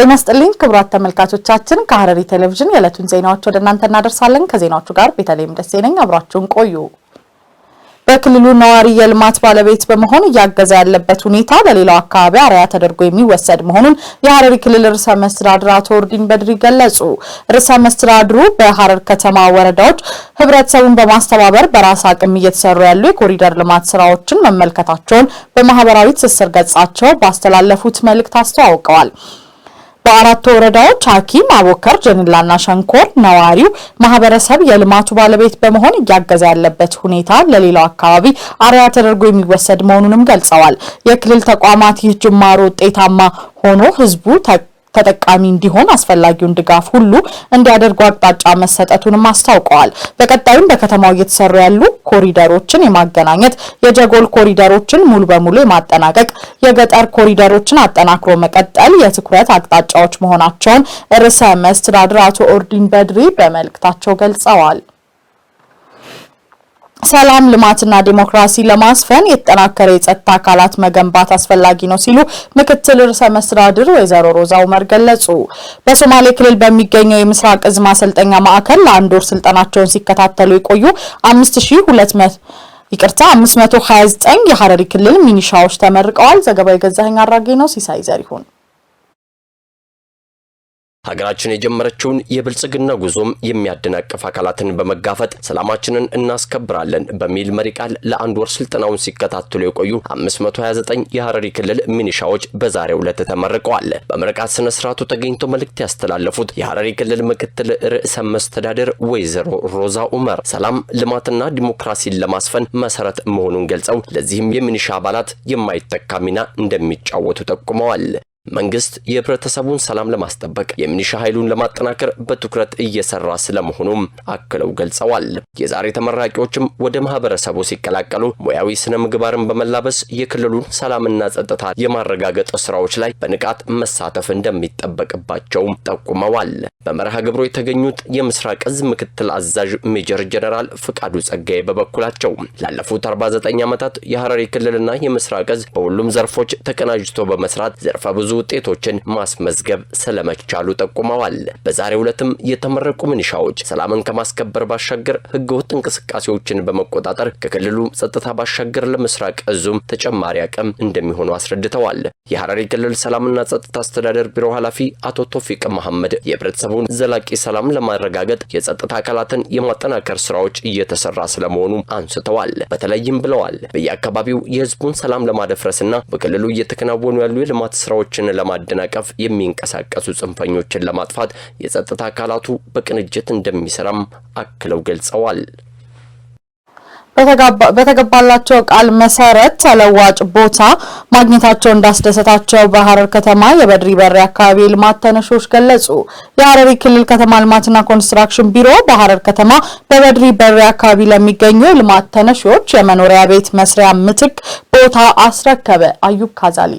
ጤና ስጥልኝ ክቡራት ተመልካቾቻችን፣ ከሐረሪ ቴሌቪዥን የዕለቱን ዜናዎች ወደ እናንተ እናደርሳለን። ከዜናዎቹ ጋር ቤተልሔም ደሴ ነኝ። አብሯችሁን ቆዩ። በክልሉ ነዋሪ የልማት ባለቤት በመሆን እያገዘ ያለበት ሁኔታ ለሌላው አካባቢ አርአያ ተደርጎ የሚወሰድ መሆኑን የሐረሪ ክልል ርዕሰ መስተዳድር አቶ ኦርዲን በድሪ ገለጹ። ርዕሰ መስተዳድሩ በሐረር ከተማ ወረዳዎች ህብረተሰቡን በማስተባበር በራስ አቅም እየተሰሩ ያሉ የኮሪደር ልማት ስራዎችን መመልከታቸውን በማህበራዊ ትስስር ገጻቸው ባስተላለፉት መልእክት አስተዋውቀዋል። በአራት ወረዳዎች ሐኪም አቦከር፣ ጀንላና ሸንኮር ነዋሪው ማህበረሰብ የልማቱ ባለቤት በመሆን እያገዘ ያለበት ሁኔታ ለሌላው አካባቢ አርያ ተደርጎ የሚወሰድ መሆኑንም ገልጸዋል። የክልል ተቋማት ይህ ጅማሮ ውጤታማ ሆኖ ህዝቡ ተጠቃሚ እንዲሆን አስፈላጊውን ድጋፍ ሁሉ እንዲያደርጉ አቅጣጫ መሰጠቱንም አስታውቀዋል። በቀጣይም በከተማው እየተሰሩ ያሉ ኮሪደሮችን የማገናኘት የጀጎል ኮሪደሮችን ሙሉ በሙሉ የማጠናቀቅ የገጠር ኮሪደሮችን አጠናክሮ መቀጠል የትኩረት አቅጣጫዎች መሆናቸውን ርዕሰ መስተዳድር አቶ ኦርዲን በድሪ በመልእክታቸው ገልጸዋል። ሰላም ልማትና ዲሞክራሲ ለማስፈን የተጠናከረ የጸጥታ አካላት መገንባት አስፈላጊ ነው ሲሉ ምክትል ርዕሰ መስተዳድር ወይዘሮ ሮዛ ኡመር ገለጹ። በሶማሌ ክልል በሚገኘው የምስራቅ እዝ ማሰልጠኛ ማዕከል ለአንድ ወር ስልጠናቸውን ሲከታተሉ የቆዩ አምስት ሺ ሁለት መቶ ይቅርታ አምስት መቶ ሀያ ዘጠኝ የሀረሪ ክልል ሚኒሻዎች ተመርቀዋል። ዘገባው የገዛኸኝ አራጌ ነው። ሲሳይ ዘሪሁን ሀገራችን የጀመረችውን የብልጽግና ጉዞም የሚያደናቅፍ አካላትን በመጋፈጥ ሰላማችንን እናስከብራለን በሚል መሪ ቃል ለአንድ ወር ስልጠናውን ሲከታተሉ የቆዩ 529 የሐረሪ ክልል ሚኒሻዎች በዛሬው ዕለት ተመርቀዋል። በምርቃት ስነ ስርዓቱ ተገኝቶ መልእክት ያስተላለፉት የሐረሪ ክልል ምክትል ርዕሰ መስተዳደር ወይዘሮ ሮዛ ኡመር ሰላም ልማትና ዲሞክራሲን ለማስፈን መሰረት መሆኑን ገልጸው ለዚህም የሚኒሻ አባላት የማይተካ ሚና እንደሚጫወቱ ጠቁመዋል። መንግስት የህብረተሰቡን ሰላም ለማስጠበቅ የሚኒሻ ኃይሉን ለማጠናከር በትኩረት እየሰራ ስለመሆኑም አክለው ገልጸዋል። የዛሬ ተመራቂዎችም ወደ ማህበረሰቡ ሲቀላቀሉ ሙያዊ ስነ ምግባርን በመላበስ የክልሉን ሰላምና ጸጥታ የማረጋገጥ ስራዎች ላይ በንቃት መሳተፍ እንደሚጠበቅባቸውም ጠቁመዋል። በመርሃ ግብሮ የተገኙት የምስራቅ እዝ ምክትል አዛዥ ሜጀር ጀነራል ፍቃዱ ጸጋዬ በበኩላቸው ላለፉት 49 ዓመታት የሐረሪ ክልልና የምስራቅ እዝ በሁሉም ዘርፎች ተቀናጅቶ በመስራት ዘርፈ ብዙ ውጤቶችን ማስመዝገብ ስለመቻሉ ጠቁመዋል። በዛሬው ዕለትም የተመረቁ ምንሻዎች ሰላምን ከማስከበር ባሻገር ህገወጥ እንቅስቃሴዎችን በመቆጣጠር ከክልሉ ጸጥታ ባሻገር ለምስራቅ እዙም ተጨማሪ አቅም እንደሚሆኑ አስረድተዋል። የሐረሪ ክልል ሰላምና ጸጥታ አስተዳደር ቢሮ ኃላፊ አቶ ቶፊቅ መሐመድ የህብረተሰቡን ዘላቂ ሰላም ለማረጋገጥ የጸጥታ አካላትን የማጠናከር ስራዎች እየተሰራ ስለመሆኑ አንስተዋል። በተለይም ብለዋል በየአካባቢው የህዝቡን ሰላም ለማደፍረስና በክልሉ እየተከናወኑ ያሉ የልማት ስራዎችን ሽብርን ለማደናቀፍ የሚንቀሳቀሱ ጽንፈኞችን ለማጥፋት የጸጥታ አካላቱ በቅንጅት እንደሚሰራም አክለው ገልጸዋል። በተገባላቸው ቃል መሰረት ተለዋጭ ቦታ ማግኘታቸው እንዳስደሰታቸው በሀረር ከተማ የበድሪ በሬ አካባቢ ልማት ተነሾች ገለጹ። የሀረሪ ክልል ከተማ ልማትና ኮንስትራክሽን ቢሮ በሀረር ከተማ በበድሪ በሬ አካባቢ ለሚገኙ ልማት ተነሾች የመኖሪያ ቤት መስሪያ ምትክ ቦታ አስረከበ። አዩብ ካዛሊ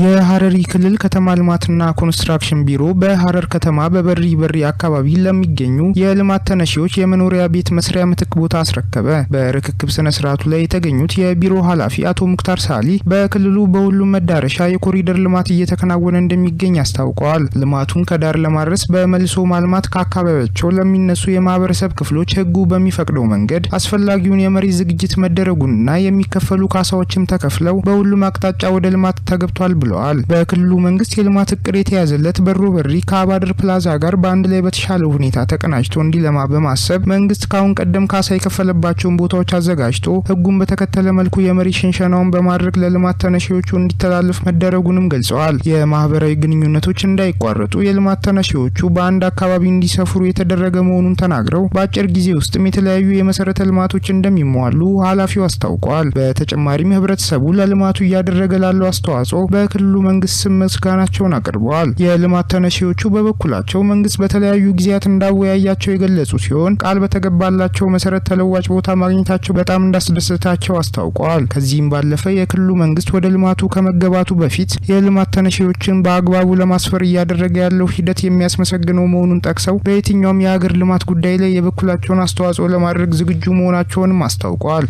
የሐረሪ ክልል ከተማ ልማትና ኮንስትራክሽን ቢሮ በሐረር ከተማ በበሪ በሪ አካባቢ ለሚገኙ የልማት ተነሺዎች የመኖሪያ ቤት መስሪያ ምትክ ቦታ አስረከበ። በርክክብ ስነ ስርዓቱ ላይ የተገኙት የቢሮ ኃላፊ አቶ ሙክታር ሳሊ በክልሉ በሁሉም መዳረሻ የኮሪደር ልማት እየተከናወነ እንደሚገኝ አስታውቀዋል። ልማቱን ከዳር ለማድረስ በመልሶ ማልማት ከአካባቢያቸው ለሚነሱ የማህበረሰብ ክፍሎች ህጉ በሚፈቅደው መንገድ አስፈላጊውን የመሬት ዝግጅት መደረጉንና የሚከፈሉ ካሳዎችም ተከፍለው በሁሉም አቅጣጫ ወደ ልማት ተገብቷል ብለዋል። በክልሉ መንግስት የልማት እቅድ የተያዘለት በሮ በሪ ከአባድር ፕላዛ ጋር በአንድ ላይ በተሻለ ሁኔታ ተቀናጅቶ እንዲለማ በማሰብ መንግስት ካሁን ቀደም ካሳ የከፈለባቸውን ቦታዎች አዘጋጅቶ ህጉን በተከተለ መልኩ የመሬት ሽንሸናውን በማድረግ ለልማት ተነሺዎቹ እንዲተላለፍ መደረጉንም ገልጸዋል። የማህበራዊ ግንኙነቶች እንዳይቋረጡ የልማት ተነሺዎቹ በአንድ አካባቢ እንዲሰፍሩ የተደረገ መሆኑን ተናግረው በአጭር ጊዜ ውስጥም የተለያዩ የመሰረተ ልማቶች እንደሚሟሉ ኃላፊው አስታውቀዋል። በተጨማሪም ህብረተሰቡ ለልማቱ እያደረገ ላለው አስተዋጽኦ ለክልሉ ስም ምስጋናቸውን አቅርበዋል። የልማት ተነሺዎቹ በበኩላቸው መንግስት በተለያዩ ጊዜያት እንዳወያያቸው የገለጹ ሲሆን ቃል በተገባላቸው መሰረት ተለዋጭ ቦታ ማግኘታቸው በጣም እንዳስደሰታቸው አስታውቀዋል። ከዚህም ባለፈ የክልሉ መንግስት ወደ ልማቱ ከመገባቱ በፊት የልማት ተነሺዎችን በአግባቡ ለማስፈር እያደረገ ያለው ሂደት የሚያስመሰግነው መሆኑን ጠቅሰው በየትኛውም የሀገር ልማት ጉዳይ ላይ የበኩላቸውን አስተዋጽኦ ለማድረግ ዝግጁ መሆናቸውንም አስታውቀዋል።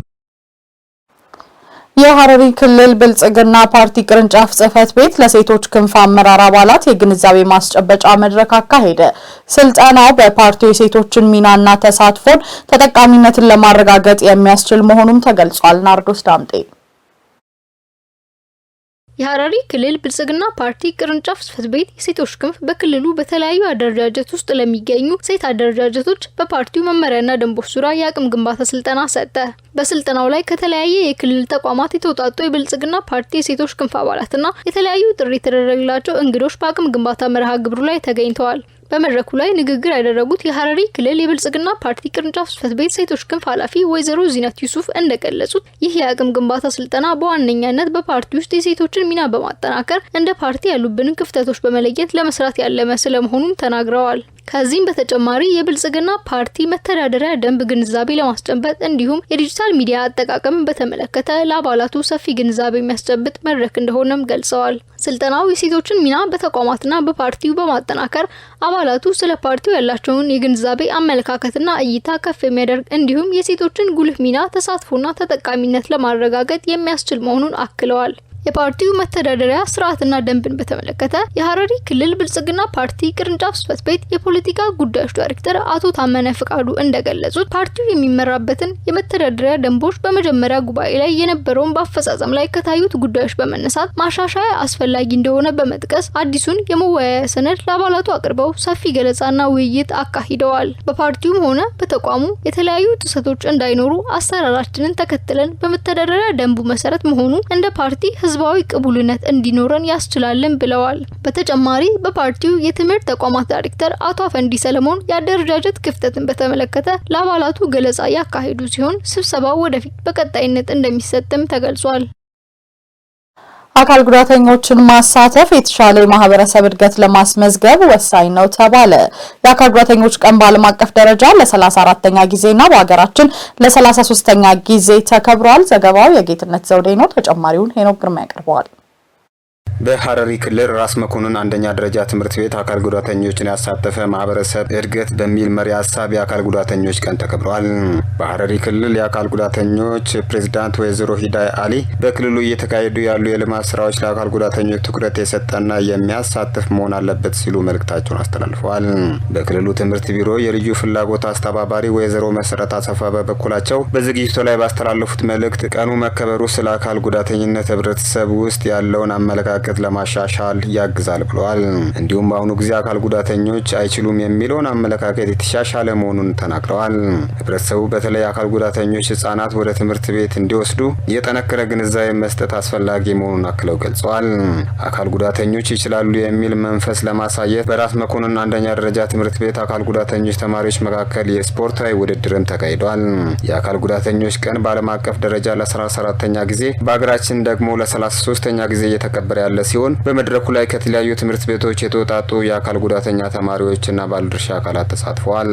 የሐረሪ ክልል ብልጽግና ፓርቲ ቅርንጫፍ ጽህፈት ቤት ለሴቶች ክንፍ አመራር አባላት የግንዛቤ ማስጨበጫ መድረክ አካሄደ። ስልጠናው በፓርቲው የሴቶችን ሚናና ተሳትፎን ተጠቃሚነትን ለማረጋገጥ የሚያስችል መሆኑም ተገልጿል። ናርዶስ ዳምጤ የሐረሪ ክልል ብልጽግና ፓርቲ ቅርንጫፍ ጽህፈት ቤት የሴቶች ክንፍ በክልሉ በተለያዩ አደረጃጀት ውስጥ ለሚገኙ ሴት አደረጃጀቶች በፓርቲው መመሪያና ደንቦች ዙሪያ የአቅም ግንባታ ስልጠና ሰጠ። በስልጠናው ላይ ከተለያየ የክልል ተቋማት የተውጣጡ የብልጽግና ፓርቲ የሴቶች ክንፍ አባላትና የተለያዩ ጥሪ የተደረገላቸው እንግዶች በአቅም ግንባታ መርሃ ግብሩ ላይ ተገኝተዋል። በመድረኩ ላይ ንግግር ያደረጉት የሀረሪ ክልል የብልጽግና ፓርቲ ቅርንጫፍ ጽሕፈት ቤት ሴቶች ክንፍ ኃላፊ ወይዘሮ ዚነት ዩሱፍ እንደገለጹት ይህ የአቅም ግንባታ ስልጠና በዋነኛነት በፓርቲ ውስጥ የሴቶችን ሚና በማጠናከር እንደ ፓርቲ ያሉብንን ክፍተቶች በመለየት ለመስራት ያለመ ስለመሆኑም ተናግረዋል። ከዚህም በተጨማሪ የብልጽግና ፓርቲ መተዳደሪያ ደንብ ግንዛቤ ለማስጨበጥ እንዲሁም የዲጂታል ሚዲያ አጠቃቀምን በተመለከተ ለአባላቱ ሰፊ ግንዛቤ የሚያስጨብጥ መድረክ እንደሆነም ገልጸዋል። ስልጠናው የሴቶችን ሚና በተቋማትና በፓርቲው በማጠናከር አባላቱ ስለ ፓርቲው ያላቸውን የግንዛቤ አመለካከትና እይታ ከፍ የሚያደርግ እንዲሁም የሴቶችን ጉልህ ሚና ተሳትፎና ተጠቃሚነት ለማረጋገጥ የሚያስችል መሆኑን አክለዋል። የፓርቲው መተዳደሪያ ስርዓትና ደንብን በተመለከተ የሀረሪ ክልል ብልጽግና ፓርቲ ቅርንጫፍ ጽሕፈት ቤት የፖለቲካ ጉዳዮች ዳይሬክተር አቶ ታመነ ፍቃዱ እንደገለጹት ፓርቲው የሚመራበትን የመተዳደሪያ ደንቦች በመጀመሪያ ጉባኤ ላይ የነበረውን በአፈጻጸም ላይ ከታዩት ጉዳዮች በመነሳት ማሻሻያ አስፈላጊ እንደሆነ በመጥቀስ አዲሱን የመወያያ ሰነድ ለአባላቱ አቅርበው ሰፊ ገለጻና ውይይት አካሂደዋል። በፓርቲውም ሆነ በተቋሙ የተለያዩ ጥሰቶች እንዳይኖሩ አሰራራችንን ተከትለን በመተዳደሪያ ደንቡ መሰረት መሆኑ እንደ ፓርቲ ህዝባዊ ቅቡልነት እንዲኖረን ያስችላልን ብለዋል። በተጨማሪ በፓርቲው የትምህርት ተቋማት ዳይሬክተር አቶ አፈንዲ ሰለሞን የአደረጃጀት ክፍተትን በተመለከተ ለአባላቱ ገለጻ ያካሄዱ ሲሆን ስብሰባው ወደፊት በቀጣይነት እንደሚሰጥም ተገልጿል። አካል ጉዳተኞችን ማሳተፍ የተሻለ የማህበረሰብ እድገት ለማስመዝገብ ወሳኝ ነው ተባለ። የአካል ጉዳተኞች ቀን በዓለም አቀፍ ደረጃ ለ34ተኛ ጊዜና በሀገራችን ለ33ተኛ ጊዜ ተከብሯል። ዘገባው የጌትነት ዘውዴ ነው። ተጨማሪውን ሄኖክ ግርማ ያቀርበዋል። በሐረሪ ክልል ራስ መኮንን አንደኛ ደረጃ ትምህርት ቤት አካል ጉዳተኞችን ያሳተፈ ማህበረሰብ እድገት በሚል መሪ ሀሳብ የአካል ጉዳተኞች ቀን ተከብረዋል። በሐረሪ ክልል የአካል ጉዳተኞች ፕሬዝዳንት ወይዘሮ ሂዳይ አሊ በክልሉ እየተካሄዱ ያሉ የልማት ስራዎች ለአካል ጉዳተኞች ትኩረት የሰጠና የሚያሳትፍ መሆን አለበት ሲሉ መልእክታቸውን አስተላልፈዋል። በክልሉ ትምህርት ቢሮ የልዩ ፍላጎት አስተባባሪ ወይዘሮ መሰረት አሰፋ በበኩላቸው በዝግጅቱ ላይ ባስተላለፉት መልእክት ቀኑ መከበሩ ስለ አካል ጉዳተኝነት ህብረተሰብ ውስጥ ያለውን አመለካከት አመለካከት ለማሻሻል ያግዛል ብለዋል። እንዲሁም በአሁኑ ጊዜ አካል ጉዳተኞች አይችሉም የሚለውን አመለካከት የተሻሻለ መሆኑን ተናግረዋል። ህብረተሰቡ በተለይ አካል ጉዳተኞች ህጻናት ወደ ትምህርት ቤት እንዲወስዱ የጠነከረ ግንዛቤ መስጠት አስፈላጊ መሆኑን አክለው ገልጸዋል። አካል ጉዳተኞች ይችላሉ የሚል መንፈስ ለማሳየት በራስ መኮንን አንደኛ ደረጃ ትምህርት ቤት አካል ጉዳተኞች ተማሪዎች መካከል የስፖርታዊ ውድድርም ተካሂዷል። የአካል ጉዳተኞች ቀን በዓለም አቀፍ ደረጃ ለ 14 ተኛ ጊዜ በሀገራችን ደግሞ ለ33ተኛ ጊዜ እየተከበረ ያለ ያለ ሲሆን በመድረኩ ላይ ከተለያዩ ትምህርት ቤቶች የተወጣጡ የአካል ጉዳተኛ ተማሪዎችና ባለድርሻ አካላት ተሳትፈዋል።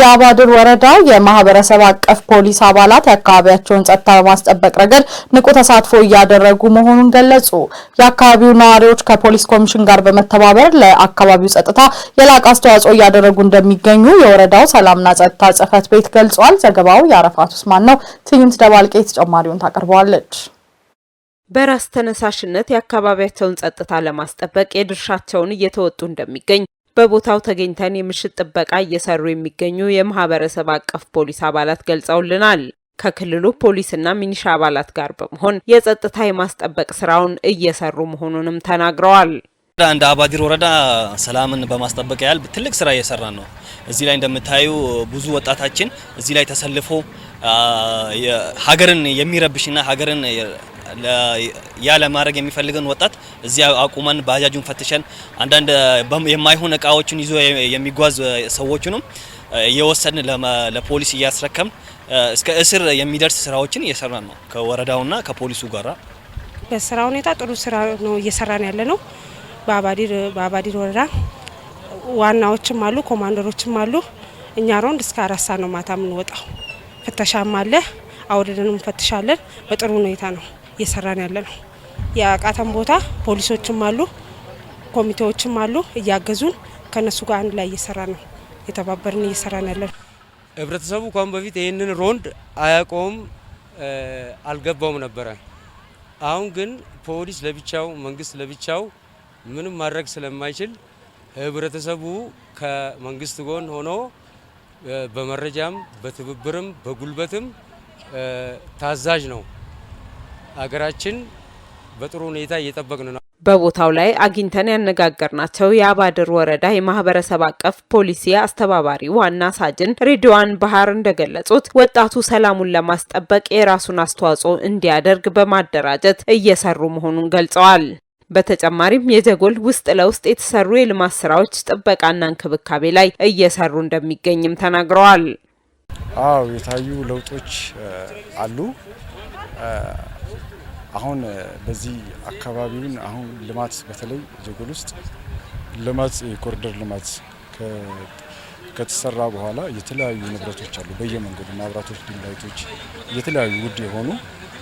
የአባድር ወረዳ የማህበረሰብ አቀፍ ፖሊስ አባላት የአካባቢያቸውን ጸጥታ በማስጠበቅ ረገድ ንቁ ተሳትፎ እያደረጉ መሆኑን ገለጹ። የአካባቢው ነዋሪዎች ከፖሊስ ኮሚሽን ጋር በመተባበር ለአካባቢው ጸጥታ የላቅ አስተዋጽኦ እያደረጉ እንደሚገኙ የወረዳው ሰላምና ጸጥታ ጽፈት ቤት ገልጿል። ዘገባው የአረፋት ውስማን ነው። ትዕይንት ደባልቄ ተጨማሪውን ታቀርበዋለች። በራስ ተነሳሽነት የአካባቢያቸውን ጸጥታ ለማስጠበቅ የድርሻቸውን እየተወጡ እንደሚገኝ በቦታው ተገኝተን የምሽት ጥበቃ እየሰሩ የሚገኙ የማህበረሰብ አቀፍ ፖሊስ አባላት ገልጸውልናል። ከክልሉ ፖሊስና ሚኒሻ አባላት ጋር በመሆን የጸጥታ የማስጠበቅ ስራውን እየሰሩ መሆኑንም ተናግረዋል። እንደ አባዲር ወረዳ ሰላምን በማስጠበቅ ያህል ትልቅ ስራ እየሰራ ነው። እዚህ ላይ እንደምታዩ ብዙ ወጣታችን እዚህ ላይ ተሰልፎ ሀገርን የሚረብሽና ሀገርን ያ ለማድረግ የሚፈልገን ወጣት እዚያ አቁመን ባጃጁን ፈትሸን አንዳንድ የማይሆን እቃዎችን ይዞ የሚጓዝ ሰዎችንም እየወሰድን ለፖሊስ እያስረከም እስከ እስር የሚደርስ ስራዎችን እየሰራን ነው ከወረዳውና ከፖሊሱ ጋራ። በስራ ሁኔታ ጥሩ ስራ ነው እየሰራን ያለ ነው። በአባዲር ወረዳ ዋናዎችም አሉ፣ ኮማንደሮችም አሉ። እኛ ሮንድ እስከ አራት ሰዓት ነው ማታ የምንወጣው። ፍተሻም አለ፣ አውርደንም ፈትሻለን። በጥሩ ሁኔታ ነው እየሰራን ያለ ነው። የአቃተን ቦታ ፖሊሶችም አሉ፣ ኮሚቴዎችም አሉ እያገዙን ከነሱ ጋር አንድ ላይ እየሰራ ነው የተባበርን እየሰራን ያለ ነው። ህብረተሰቡ ካሁን በፊት ይህንን ሮንድ አያውቀውም፣ አልገባውም ነበረ። አሁን ግን ፖሊስ ለብቻው መንግስት ለብቻው ምንም ማድረግ ስለማይችል ህብረተሰቡ ከመንግስት ጎን ሆኖ በመረጃም በትብብርም በጉልበትም ታዛዥ ነው። ሀገራችን በጥሩ ሁኔታ እየጠበቅን ነው። በቦታው ላይ አግኝተን ያነጋገርናቸው የአባድር ወረዳ የማህበረሰብ አቀፍ ፖሊሲ አስተባባሪ ዋና ሳጅን ሬዲዋን ባህር እንደገለጹት ወጣቱ ሰላሙን ለማስጠበቅ የራሱን አስተዋጽኦ እንዲያደርግ በማደራጀት እየሰሩ መሆኑን ገልጸዋል። በተጨማሪም የጀጎል ውስጥ ለውስጥ የተሰሩ የልማት ስራዎች ጥበቃና እንክብካቤ ላይ እየሰሩ እንደሚገኝም ተናግረዋል። አዎ የታዩ ለውጦች አሉ አሁን በዚህ አካባቢውን አሁን ልማት በተለይ ጀጎል ውስጥ ልማት የኮሪደር ልማት ከተሰራ በኋላ የተለያዩ ንብረቶች አሉ። በየመንገዱ መብራቶች፣ ድንጋይቶች፣ የተለያዩ ውድ የሆኑ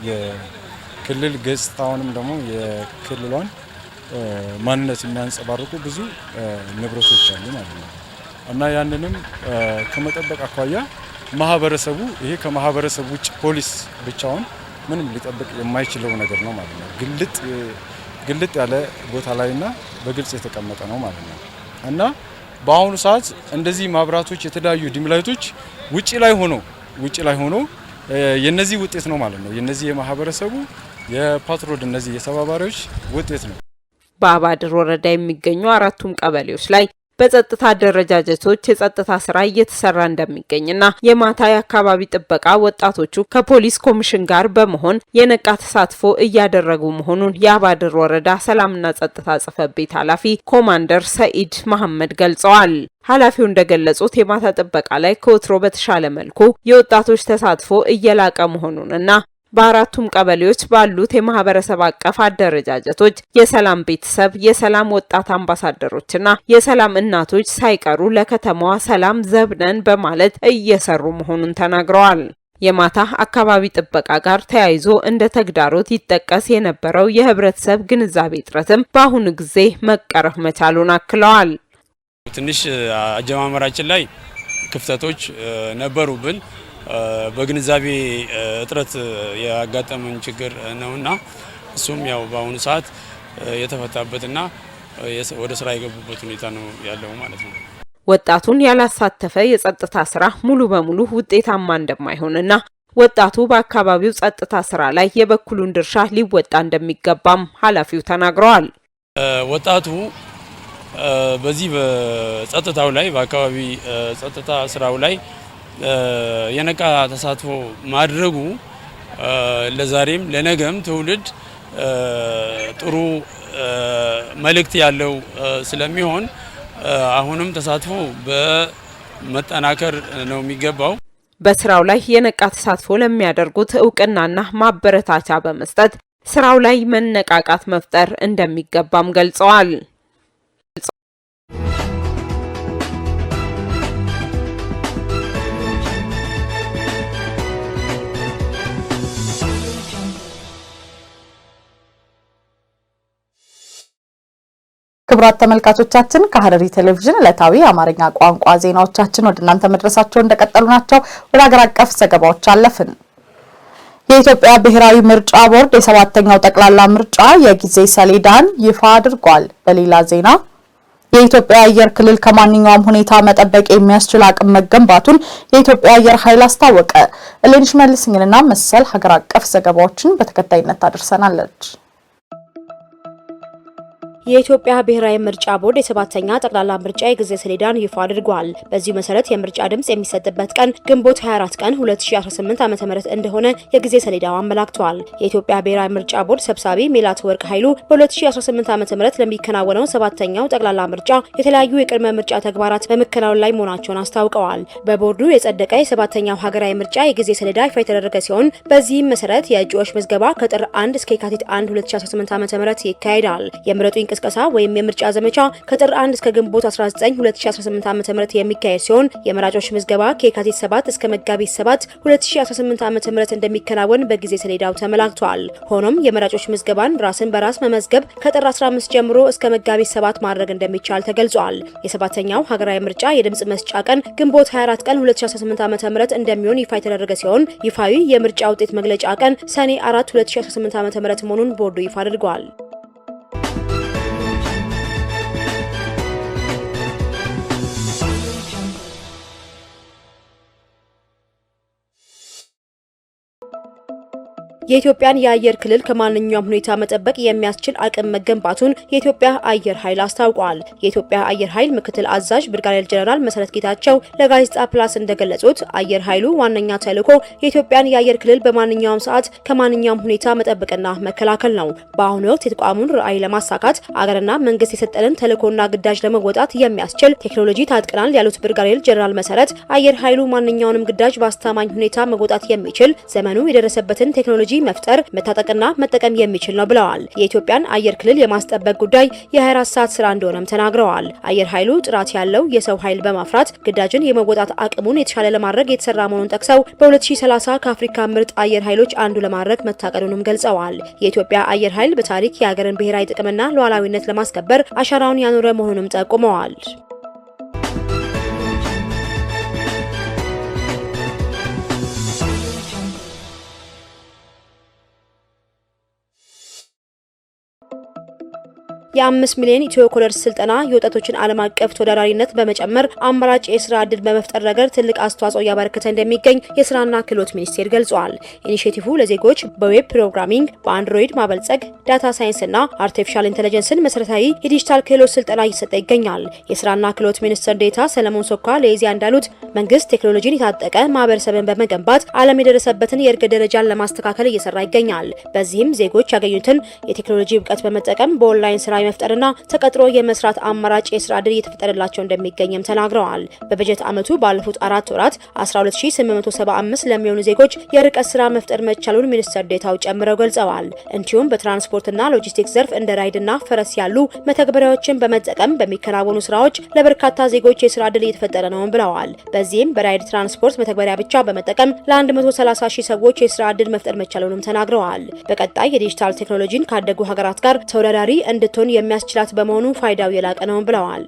የክልል ገጽታውንም ደግሞ የክልሏን ማንነት የሚያንጸባርቁ ብዙ ንብረቶች አሉ ማለት ነው እና ያንንም ከመጠበቅ አኳያ ማህበረሰቡ ይሄ ከማህበረሰቡ ውጭ ፖሊስ ብቻውን ምንም ሊጠብቅ የማይችለው ነገር ነው ማለት ነው። ግልጥ ግልጥ ያለ ቦታ ላይና በግልጽ የተቀመጠ ነው ማለት ነው እና በአሁኑ ሰዓት እንደዚህ ማብራቶች የተለያዩ ዲምላይቶች ውጪ ላይ ሆኖ ውጪ ላይ ሆኖ የነዚህ ውጤት ነው ማለት ነው። የነዚህ የማህበረሰቡ የፓትሮል እነዚህ የተባባሪዎች ውጤት ነው። በአባድር ወረዳ የሚገኙ አራቱም ቀበሌዎች ላይ በጸጥታ አደረጃጀቶች የጸጥታ ስራ እየተሰራ እንደሚገኝና የማታ የአካባቢ ጥበቃ ወጣቶቹ ከፖሊስ ኮሚሽን ጋር በመሆን የነቃ ተሳትፎ እያደረጉ መሆኑን የአባድር ወረዳ ሰላምና ጸጥታ ጽህፈት ቤት ኃላፊ ኮማንደር ሰኢድ መሐመድ ገልጸዋል። ኃላፊው እንደገለጹት የማታ ጥበቃ ላይ ከወትሮ በተሻለ መልኩ የወጣቶች ተሳትፎ እየላቀ መሆኑንና በአራቱም ቀበሌዎች ባሉት የማህበረሰብ አቀፍ አደረጃጀቶች የሰላም ቤተሰብ፣ የሰላም ወጣት አምባሳደሮችና የሰላም እናቶች ሳይቀሩ ለከተማዋ ሰላም ዘብነን በማለት እየሰሩ መሆኑን ተናግረዋል። የማታ አካባቢ ጥበቃ ጋር ተያይዞ እንደ ተግዳሮት ይጠቀስ የነበረው የህብረተሰብ ግንዛቤ እጥረትም በአሁኑ ጊዜ መቀረፍ መቻሉን አክለዋል። ትንሽ አጀማመራችን ላይ ክፍተቶች ነበሩብን። በግንዛቤ እጥረት ያጋጠመን ችግር ነውና እሱም ያው በአሁኑ ሰዓት የተፈታበትና ወደ ስራ የገቡበት ሁኔታ ነው ያለው ማለት ነው። ወጣቱን ያላሳተፈ የጸጥታ ስራ ሙሉ በሙሉ ውጤታማ እንደማይሆንና ወጣቱ በአካባቢው ጸጥታ ስራ ላይ የበኩሉን ድርሻ ሊወጣ እንደሚገባም ኃላፊው ተናግረዋል። ወጣቱ በዚህ በጸጥታው ላይ በአካባቢ ጸጥታ ስራው ላይ የነቃ ተሳትፎ ማድረጉ ለዛሬም ለነገም ትውልድ ጥሩ መልእክት ያለው ስለሚሆን አሁንም ተሳትፎ በመጠናከር ነው የሚገባው። በስራው ላይ የነቃ ተሳትፎ ለሚያደርጉት እውቅናና ማበረታቻ በመስጠት ስራው ላይ መነቃቃት መፍጠር እንደሚገባም ገልጸዋል። ክብራት ተመልካቾቻችን ከሐረሪ ቴሌቪዥን ዕለታዊ የአማርኛ ቋንቋ ዜናዎቻችን ወደ እናንተ መድረሳቸው እንደቀጠሉ ናቸው። ወደ ሀገር አቀፍ ዘገባዎች አለፍን። የኢትዮጵያ ብሔራዊ ምርጫ ቦርድ የሰባተኛው ጠቅላላ ምርጫ የጊዜ ሰሌዳን ይፋ አድርጓል። በሌላ ዜና የኢትዮጵያ አየር ክልል ከማንኛውም ሁኔታ መጠበቅ የሚያስችል አቅም መገንባቱን የኢትዮጵያ አየር ኃይል አስታወቀ። እሌንሽ መልስኝንና መሰል ሀገር አቀፍ ዘገባዎችን በተከታይነት ታደርሰናለች። የኢትዮጵያ ብሔራዊ ምርጫ ቦርድ የሰባተኛ ጠቅላላ ምርጫ የጊዜ ሰሌዳን ይፋ አድርጓል። በዚሁ መሰረት የምርጫ ድምጽ የሚሰጥበት ቀን ግንቦት 24 ቀን 2018 ዓ.ም እንደሆነ የጊዜ ሰሌዳው አመላክቷል። የኢትዮጵያ ብሔራዊ ምርጫ ቦርድ ሰብሳቢ ወርቅ ኃይሉ በ2018 ዓ.ም ለሚከናወነው ሰባተኛው ጠቅላላ ምርጫ የተለያዩ የቅድመ ምርጫ ተግባራት በመከናወን ላይ መሆናቸውን አስታውቀዋል። በቦርዱ የጸደቀ የሰባተኛው ሀገራዊ ምርጫ የጊዜ ሰሌዳ ይፋ የተደረገ ሲሆን በዚህም መሰረት የእጩዎች ምዝገባ ከጥር 1 እስከ የካቲት 1 2018 ዓ.ም ይካሄዳል። የምረጡኝ ቅስቀሳ ወይም የምርጫ ዘመቻ ከጥር 1 እስከ ግንቦት 19 2018 ዓ.ም የሚካሄድ ሲሆን የመራጮች ምዝገባ ከየካቲት 7 እስከ መጋቢት 7 2018 ዓ.ም እንደሚከናወን በጊዜ ሰሌዳው ተመላክቷል። ሆኖም የመራጮች ምዝገባን ራስን በራስ መመዝገብ ከጥር 15 ጀምሮ እስከ መጋቢት 7 ማድረግ እንደሚቻል ተገልጿል። የሰባተኛው ሀገራዊ ምርጫ የድምጽ መስጫ ቀን ግንቦት 24 ቀን 2018 ዓ.ም እንደሚሆን ይፋ የተደረገ ሲሆን ይፋዊ የምርጫ ውጤት መግለጫ ቀን ሰኔ 4 2018 ዓ.ም መሆኑን ቦርዱ ይፋ አድርጓል። የኢትዮጵያን የአየር ክልል ከማንኛውም ሁኔታ መጠበቅ የሚያስችል አቅም መገንባቱን የኢትዮጵያ አየር ኃይል አስታውቋል። የኢትዮጵያ አየር ኃይል ምክትል አዛዥ ብርጋዴር ጀነራል መሰረት ጌታቸው ለጋዜጣ ፕላስ እንደገለጹት አየር ኃይሉ ዋነኛ ተልዕኮ የኢትዮጵያን የአየር ክልል በማንኛውም ሰዓት ከማንኛውም ሁኔታ መጠበቅና መከላከል ነው። በአሁኑ ወቅት የተቋሙን ራዕይ ለማሳካት አገርና መንግስት የሰጠንን ተልዕኮና ግዳጅ ለመወጣት የሚያስችል ቴክኖሎጂ ታጥቀናል ያሉት ብርጋዴር ጀነራል መሰረት አየር ኃይሉ ማንኛውንም ግዳጅ በአስተማማኝ ሁኔታ መወጣት የሚችል ዘመኑ የደረሰበትን ቴክኖሎጂ መፍጠር መታጠቅና መጠቀም የሚችል ነው ብለዋል። የኢትዮጵያን አየር ክልል የማስጠበቅ ጉዳይ የ24 ሰዓት ስራ እንደሆነም ተናግረዋል። አየር ኃይሉ ጥራት ያለው የሰው ኃይል በማፍራት ግዳጅን የመወጣት አቅሙን የተሻለ ለማድረግ የተሰራ መሆኑን ጠቅሰው በ2030 ከአፍሪካ ምርጥ አየር ኃይሎች አንዱ ለማድረግ መታቀዱንም ገልጸዋል። የኢትዮጵያ አየር ኃይል በታሪክ የሀገርን ብሔራዊ ጥቅምና ሉዓላዊነት ለማስከበር አሻራውን ያኖረ መሆኑንም ጠቁመዋል። የአምስት ሚሊዮን ኢትዮ ኮለርስ ስልጠና የወጣቶችን ዓለም አቀፍ ተወዳዳሪነት በመጨመር አማራጭ የስራ እድል በመፍጠር ረገድ ትልቅ አስተዋጽኦ እያበረከተ እንደሚገኝ የስራና ክህሎት ሚኒስቴር ገልጿል። ኢኒሽቲቭ ለዜጎች በዌብ ፕሮግራሚንግ፣ በአንድሮይድ ማበልጸግ፣ ዳታ ሳይንስ እና አርቲፊሻል ኢንቴሊጀንስን መሰረታዊ የዲጂታል ክህሎት ስልጠና እየሰጠ ይገኛል። የስራና ክህሎት ሚኒስትር ዴታ ሰለሞን ሶካ ለኢዜአ እንዳሉት መንግስት ቴክኖሎጂን የታጠቀ ማህበረሰብን በመገንባት ዓለም የደረሰበትን የእድገት ደረጃን ለማስተካከል እየሰራ ይገኛል። በዚህም ዜጎች ያገኙትን የቴክኖሎጂ እውቀት በመጠቀም በኦንላይን ስራ የመፍጠርና ተቀጥሮ የመስራት አማራጭ የስራ እድል እየተፈጠረላቸው እንደሚገኝም ተናግረዋል። በበጀት ዓመቱ ባለፉት አራት ወራት 12875 ለሚሆኑ ዜጎች የርቀት ስራ መፍጠር መቻሉን ሚኒስትር ዴታው ጨምረው ገልጸዋል። እንዲሁም በትራንስፖርትና ሎጂስቲክስ ዘርፍ እንደ ራይድና ፈረስ ያሉ መተግበሪያዎችን በመጠቀም በሚከናወኑ ስራዎች ለበርካታ ዜጎች የስራ እድል እየተፈጠረ ነውም ብለዋል። በዚህም በራይድ ትራንስፖርት መተግበሪያ ብቻ በመጠቀም ለ130 ሺህ ሰዎች የስራ እድል መፍጠር መቻሉንም ተናግረዋል። በቀጣይ የዲጂታል ቴክኖሎጂን ካደጉ ሀገራት ጋር ተወዳዳሪ እንድትሆን የሚያስችላት በመሆኑ ፋይዳው የላቀ ነው ብለዋል።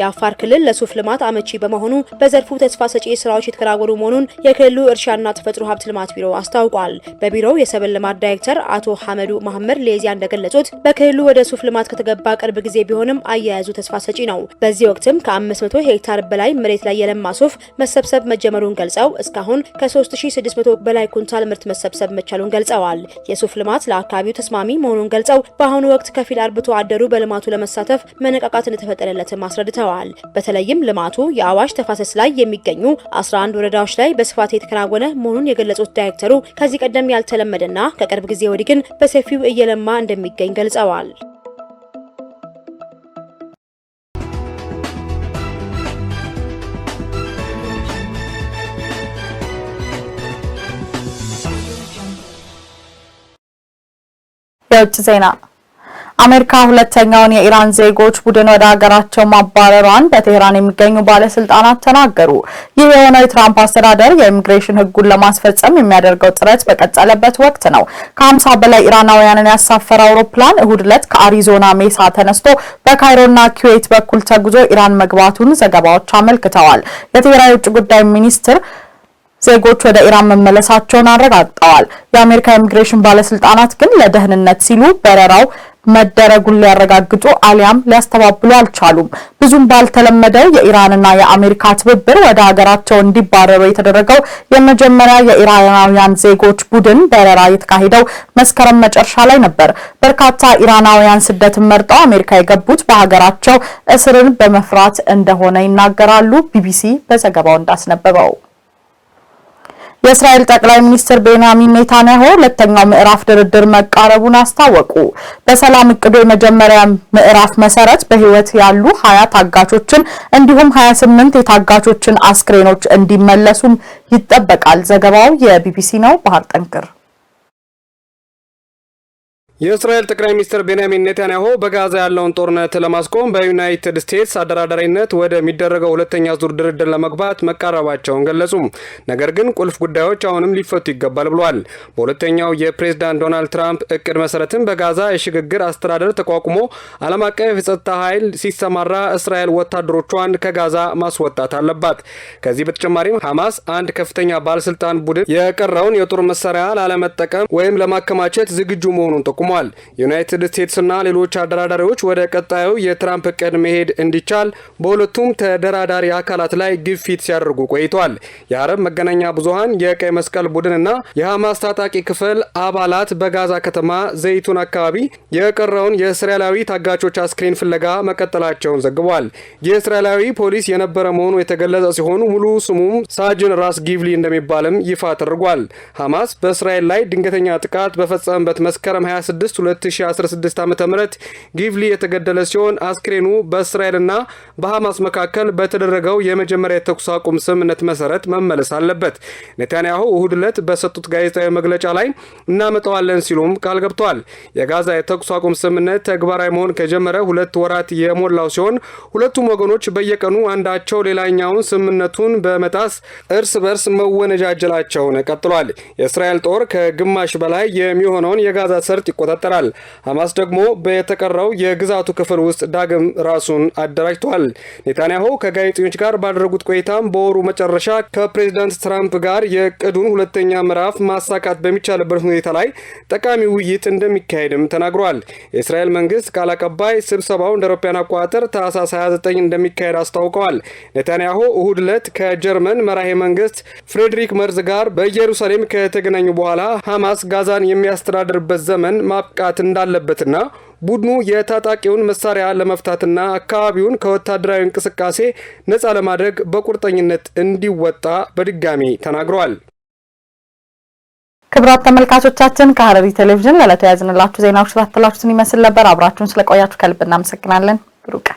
የአፋር ክልል ለሱፍ ልማት አመቺ በመሆኑ በዘርፉ ተስፋ ሰጪ ስራዎች የተከናወኑ መሆኑን የክልሉ እርሻና ተፈጥሮ ሀብት ልማት ቢሮ አስታውቋል። በቢሮው የሰብል ልማት ዳይሬክተር አቶ ሐመዱ መሐመድ ሌዚያ እንደገለጹት በክልሉ ወደ ሱፍ ልማት ከተገባ ቅርብ ጊዜ ቢሆንም አያያዙ ተስፋ ሰጪ ነው። በዚህ ወቅትም ከ500 ሄክታር በላይ መሬት ላይ የለማ ሱፍ መሰብሰብ መጀመሩን ገልጸው እስካሁን ከ3600 በላይ ኩንታል ምርት መሰብሰብ መቻሉን ገልጸዋል። የሱፍ ልማት ለአካባቢው ተስማሚ መሆኑን ገልጸው በአሁኑ ወቅት ከፊል አርብቶ አደሩ በልማቱ ለመሳተፍ መነቃቃት እንደተፈጠረለትም አስረድተዋል። ገልጸዋል። በተለይም ልማቱ የአዋሽ ተፋሰስ ላይ የሚገኙ 11 ወረዳዎች ላይ በስፋት የተከናወነ መሆኑን የገለጹት ዳይሬክተሩ ከዚህ ቀደም ያልተለመደና ከቅርብ ጊዜ ወዲህ ግን በሰፊው እየለማ እንደሚገኝ ገልጸዋል። የውጭ ዜና አሜሪካ ሁለተኛውን የኢራን ዜጎች ቡድን ወደ ሀገራቸው ማባረሯን በቴህራን የሚገኙ ባለስልጣናት ተናገሩ። ይህ የሆነው የትራምፕ አስተዳደር የኢሚግሬሽን ሕጉን ለማስፈጸም የሚያደርገው ጥረት በቀጠለበት ወቅት ነው። ከሀምሳ በላይ ኢራናውያንን ያሳፈረ አውሮፕላን እሁድ ዕለት ከአሪዞና ሜሳ ተነስቶ በካይሮና ኩዌት በኩል ተጉዞ ኢራን መግባቱን ዘገባዎች አመልክተዋል። የትግራይ ውጭ ጉዳይ ሚኒስትር ዜጎች ወደ ኢራን መመለሳቸውን አረጋግጠዋል። የአሜሪካ ኢሚግሬሽን ባለስልጣናት ግን ለደህንነት ሲሉ በረራው መደረጉን ሊያረጋግጡ አሊያም ሊያስተባብሉ አልቻሉም። ብዙም ባልተለመደ የኢራንና የአሜሪካ ትብብር ወደ ሀገራቸው እንዲባረሩ የተደረገው የመጀመሪያ የኢራናውያን ዜጎች ቡድን በረራ የተካሄደው መስከረም መጨረሻ ላይ ነበር። በርካታ ኢራናውያን ስደትን መርጠው አሜሪካ የገቡት በሀገራቸው እስርን በመፍራት እንደሆነ ይናገራሉ። ቢቢሲ በዘገባው እንዳስነበበው የእስራኤል ጠቅላይ ሚኒስትር ቤንያሚን ኔታንያሁ ሁለተኛው ምዕራፍ ድርድር መቃረቡን አስታወቁ። በሰላም እቅዱ የመጀመሪያ ምዕራፍ መሰረት በህይወት ያሉ ሀያ ታጋቾችን እንዲሁም ሀያ ስምንት የታጋቾችን አስክሬኖች እንዲመለሱም ይጠበቃል። ዘገባው የቢቢሲ ነው። ባህር ጠንቅር የእስራኤል ጠቅላይ ሚኒስትር ቤንያሚን ኔታንያሁ በጋዛ ያለውን ጦርነት ለማስቆም በዩናይትድ ስቴትስ አደራዳሪነት ወደሚደረገው ሁለተኛ ዙር ድርድር ለመግባት መቃረባቸውን ገለጹ። ነገር ግን ቁልፍ ጉዳዮች አሁንም ሊፈቱ ይገባል ብሏል። በሁለተኛው የፕሬዝዳንት ዶናልድ ትራምፕ እቅድ መሰረትም በጋዛ የሽግግር አስተዳደር ተቋቁሞ ዓለም አቀፍ የጸጥታ ኃይል ሲሰማራ እስራኤል ወታደሮቿን ከጋዛ ማስወጣት አለባት። ከዚህ በተጨማሪም ሐማስ አንድ ከፍተኛ ባለስልጣን ቡድን የቀረውን የጦር መሳሪያ ላለመጠቀም ወይም ለማከማቸት ዝግጁ መሆኑን ጠቁሟል። ጠቁሟል። ዩናይትድ ስቴትስና ሌሎች አደራዳሪዎች ወደ ቀጣዩ የትራምፕ እቅድ መሄድ እንዲቻል በሁለቱም ተደራዳሪ አካላት ላይ ግፊት ሲያደርጉ ቆይቷል። የአረብ መገናኛ ብዙሀን የቀይ መስቀል ቡድንና የሐማስ ታጣቂ ክፍል አባላት በጋዛ ከተማ ዘይቱን አካባቢ የቀረውን የእስራኤላዊ ታጋቾች አስክሬን ፍለጋ መቀጠላቸውን ዘግቧል። የእስራኤላዊ ፖሊስ የነበረ መሆኑ የተገለጸ ሲሆን ሙሉ ስሙም ሳጅን ራስ ጊቭሊ እንደሚባልም ይፋ ተደርጓል። ሐማስ በእስራኤል ላይ ድንገተኛ ጥቃት በፈጸመበት መስከረም 26 16 2016 ዓ ም ጊቭሊ የተገደለ ሲሆን አስክሬኑ በእስራኤልና በሐማስ መካከል በተደረገው የመጀመሪያ የተኩስ አቁም ስምምነት መሰረት መመለስ አለበት። ኔታንያሁ እሁድ ዕለት በሰጡት ጋዜጣዊ መግለጫ ላይ እናመጣዋለን ሲሉም ቃል ገብተዋል። የጋዛ የተኩስ አቁም ስምምነት ተግባራዊ መሆን ከጀመረ ሁለት ወራት የሞላው ሲሆን ሁለቱም ወገኖች በየቀኑ አንዳቸው ሌላኛውን ስምምነቱን በመጣስ እርስ በርስ መወነጃጀላቸውን ቀጥሏል። የእስራኤል ጦር ከግማሽ በላይ የሚሆነውን የጋዛ ሰርጥ ይቆጣል ይቆጣጠራል። ሐማስ ደግሞ በተቀረው የግዛቱ ክፍል ውስጥ ዳግም ራሱን አደራጅቷል። ኔታንያሁ ከጋዜጠኞች ጋር ባደረጉት ቆይታም በወሩ መጨረሻ ከፕሬዚዳንት ትራምፕ ጋር የቅዱን ሁለተኛ ምዕራፍ ማሳካት በሚቻልበት ሁኔታ ላይ ጠቃሚ ውይይት እንደሚካሄድም ተናግሯል። የእስራኤል መንግስት ቃል አቀባይ ስብሰባው እንደ አውሮፓውያን አቆጣጠር ታህሳስ 29 እንደሚካሄድ አስታውቀዋል። ኔታንያሁ እሁድ ዕለት ከጀርመን መራሄ መንግስት ፍሬድሪክ መርዝ ጋር በኢየሩሳሌም ከተገናኙ በኋላ ሐማስ ጋዛን የሚያስተዳድርበት ዘመን ማ ማብቃት እንዳለበትና ቡድኑ የታጣቂውን መሳሪያ ለመፍታትና አካባቢውን ከወታደራዊ እንቅስቃሴ ነፃ ለማድረግ በቁርጠኝነት እንዲወጣ በድጋሚ ተናግረዋል። ክብራት ተመልካቾቻችን ከሐረሪ ቴሌቪዥን ለዕለቱ የያዝንላችሁ ዜናዎች ታተላችሁትን ይመስል ነበር። አብራችሁን ስለቆያችሁ ከልብ እናመሰግናለን። ብሩቅ